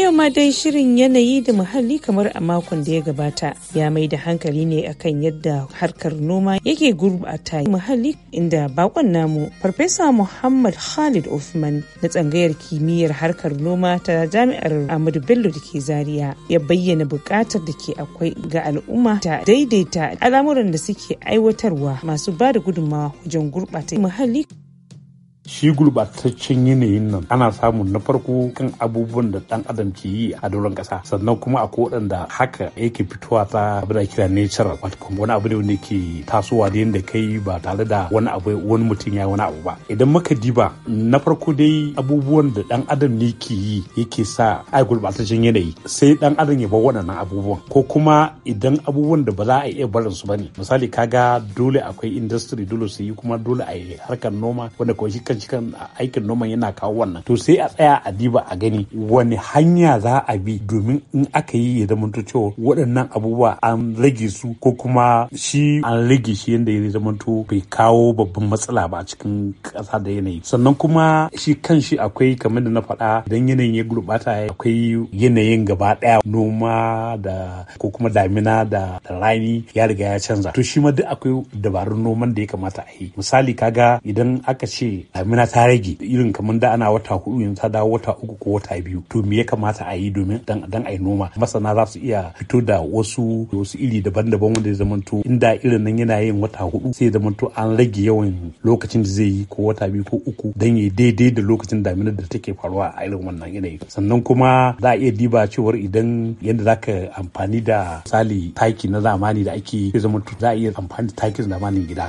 yau ma dai shirin yanayi da muhalli kamar a makon da ya gabata ya mai da hankali ne akan yadda harkar noma yake gurbata muhalli inda bakon namu Farfesa Muhammad Khalid Uthman na tsangayar kimiyyar harkar noma ta Jami'ar Ahmadu Bello da ke Zariya, ya bayyana bukatar da ke akwai ga al'umma ta daidaita al'amuran da suke aiwatarwa masu ba da gudunmawa wajen gurbata muhalli. shi gurbataccen yanayin nan ana samun na farko kan abubuwan da dan adam ke yi a doron kasa sannan kuma a da haka yake fitowa ta abu da kira natural wato wani abu ne wanda ke tasowa da da kai ba tare da wani abu wani mutum ya wani abu ba idan muka diba na farko dai abubuwan da dan adam ne ke yi yake sa ai gurbataccen yanayi sai dan adam ya bar waɗannan abubuwan ko kuma idan abubuwan da ba za a iya barin su bane misali kaga dole akwai industry dole su yi kuma dole a yi harkar noma wanda kawai shi cikin aikin noman yana kawo wannan to sai a tsaya a diba a gani wani hanya za a bi domin in aka yi ya zama to cewa waɗannan abubuwa an rage su ko kuma shi an rage shi yadda ya zama to bai kawo babban matsala ba a cikin ƙasa da yanayi sannan kuma shi kan shi akwai kamar da na faɗa idan yanayin ya gurɓata akwai yanayin gaba ɗaya noma da ko kuma damina da rani ya riga ya canza to shi ma duk akwai dabarun noman da ya kamata a yi misali kaga idan aka ce damina ta rage irin kamar da ana wata hudu yanzu ta dawo wata uku ko wata biyu to me ya kamata a yi domin dan dan ai noma masana za su iya fito da wasu wasu iri daban-daban wanda zai zamanto inda irin nan yana yin wata hudu sai zamanto an rage yawan lokacin da zai yi ko wata biyu ko uku dan ya daidai da lokacin damina da take faruwa a irin wannan yanayi sannan kuma za a iya diba cewar idan yadda za ka amfani da misali taki na zamani da ake zamanto za a iya amfani da takin zamanin gida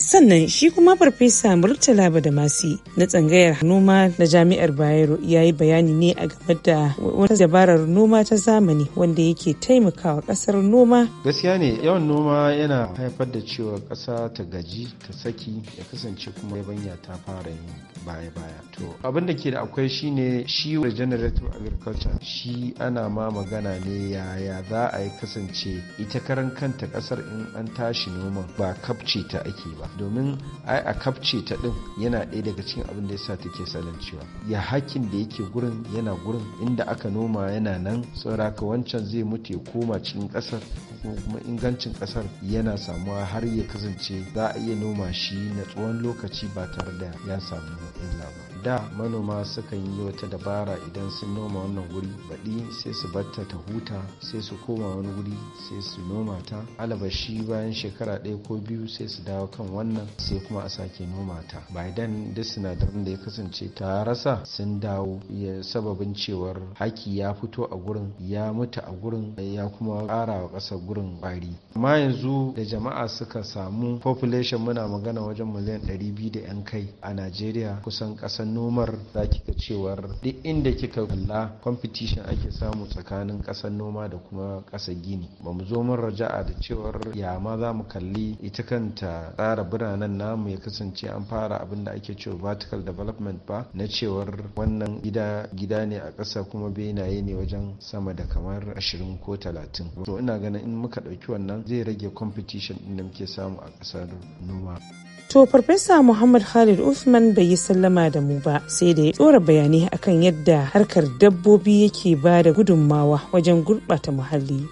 sannan shi kuma farfesa murtala Masi na tsangayar noma na jami'ar bayero ya yi bayani ne a game da wata dabarar noma ta zamani wanda yake taimakawa kasar noma gaskiya ne yawan noma yana haifar da cewa ƙasa ta gaji ta saki ya kasance kuma yabanya ta fara yin baya baya to abin da ke da akwai shine shi regenerative agriculture shi ana ma magana ne yaya za a yi kasance ita karan kanta kasar in an tashi noman ba kapce ta ake ba domin ai a kafce ta din yana ɗaya daga cikin abin da yasa take salancewa ya hakin da yake gurin yana gurin inda aka noma yana nan sauraka wancan zai mutu ya koma cikin ƙasar kuma ingancin ƙasar yana samuwa har ya kasance za a iya noma shi na tsawon lokaci ba tare da ya samu illa ba da manoma sukan yi wata dabara idan sun noma wannan wuri, baɗi sai su batta ta huta sai su koma wani wuri, sai su noma ta alabashi bayan shekara ɗaya ko biyu sai su dawo kan wannan sai kuma a sake noma ta ba idan duk sinadarin da ya kasance ta rasa sun dawo ya sababin cewar haki ya fito a gurin ya mutu a gurin ya kuma ƙara wa ƙasa gurin ƙwari amma yanzu da jama'a suka samu population muna magana wajen miliyan 200 da 'yan kai a najeriya kusan ƙasan wannan nomar za kika cewar duk inda kika kalla competition ake samu tsakanin ƙasar noma da kuma ƙasar gini ba mu zo mun raja'a da cewar ya ma za mu kalli ita kanta tsara biranen namu ya kasance an fara abin da ake cewa vertical development ba na cewar wannan gida gida ne a ƙasa kuma benaye ne wajen sama da kamar ashirin ko talatin to ina ganin in muka ɗauki wannan zai rage competition ɗin da muke samu a ƙasar noma. To Farfesa Muhammad Khalid Usman bai yi sallama da mu ba sai da ya tsora bayani akan yadda harkar dabbobi yake ba da gudunmawa wajen gurɓata muhalli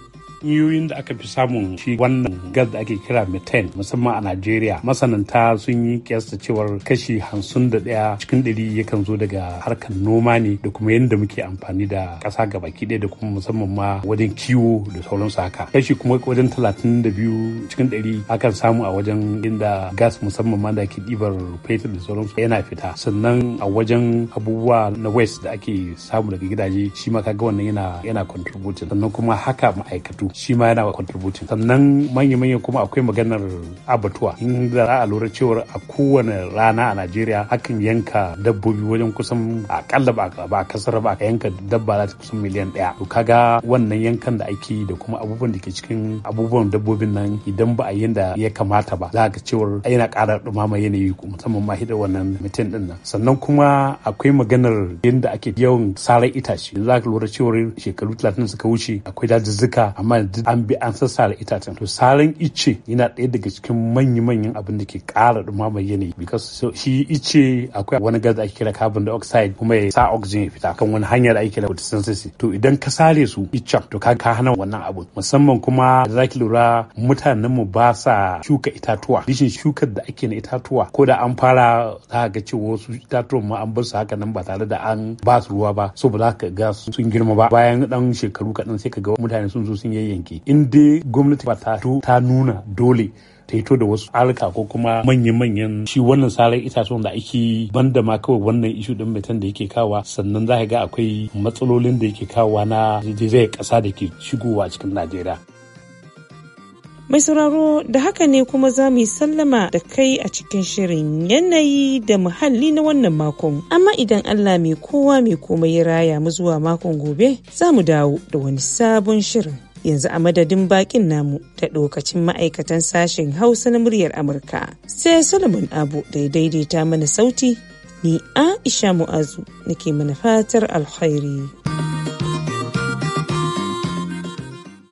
hanyoyin da aka fi samun shi wannan gas da ake kira methane musamman a Najeriya masananta sun yi kiyasta cewar kashi hamsin da ɗaya cikin ɗari yakan zo daga harkar noma ne da kuma yadda muke amfani da ƙasa gabaki ɗaya da kuma musamman ma wajen kiwo da sauransu haka kashi kuma wajen talatin da biyu cikin ɗari akan samu a wajen inda gas musamman ma da ake ɗibar fetur da sauransu yana fita sannan a wajen abubuwa na west da ake samu daga gidaje shi ma kaga wannan yana yana contributing sannan kuma haka ma'aikatu shi ma yana contributing sannan manya-manya kuma akwai maganar abatuwa inda za a lura cewar a kowane rana a najeriya akan yanka dabbobi wajen kusan akalla ba a kasar ba a yanka dabba za ta kusan miliyan ɗaya to kaga wannan yankan da ake yi da kuma abubuwan da ke cikin abubuwan dabbobin nan idan ba a yi da ya kamata ba za ka cewar yana kara ma yanayi musamman ma hidda wannan mutum din nan sannan kuma akwai maganar yadda ake yawan sarar itace za ka lura cewar shekaru talatin suka wuce akwai dazuzzuka amma zama an bi an sassara itacen to saran ice yana ɗaya daga cikin manya-manyan abin da ke ƙara ɗumamar yanayi because shi ice akwai wani gas da ake kira carbon dioxide kuma ya sa oxygen ya fita kan wani hanyar ake kira photosynthesis to idan ka sare su icen to ka ka hana wannan abu musamman kuma da ki lura mutanen mu ba sa shuka itatuwa rishin shukar da ake na itatuwa ko da an fara za ga cewa wasu itatuwan ma an bar su haka nan ba tare da an ba su ruwa ba so ba za ka ga sun girma ba bayan dan shekaru kaɗan sai ka ga mutane sun zo sun yi yayyanke in dai gwamnati ba ta ta nuna dole ta hito da wasu alka ko kuma manya-manyan shi wannan sarar itatuwan da ake banda ma kawai wannan ishu din metan da yake kawa sannan za ga akwai matsalolin da yake kawa na zai kasa da ke shigowa cikin najeriya mai sauraro da haka ne kuma za mu yi sallama da kai a cikin shirin yanayi da muhalli na wannan makon amma idan allah mai kowa mai komai ya raya mu zuwa makon gobe za mu dawo da wani sabon shirin yanzu a madadin bakin namu da lokacin ma'aikatan sashen hausa na muryar amurka sai solomon abu da ya daidaita mana sauti ni aisha mu'azu nake mana fatar alkhairi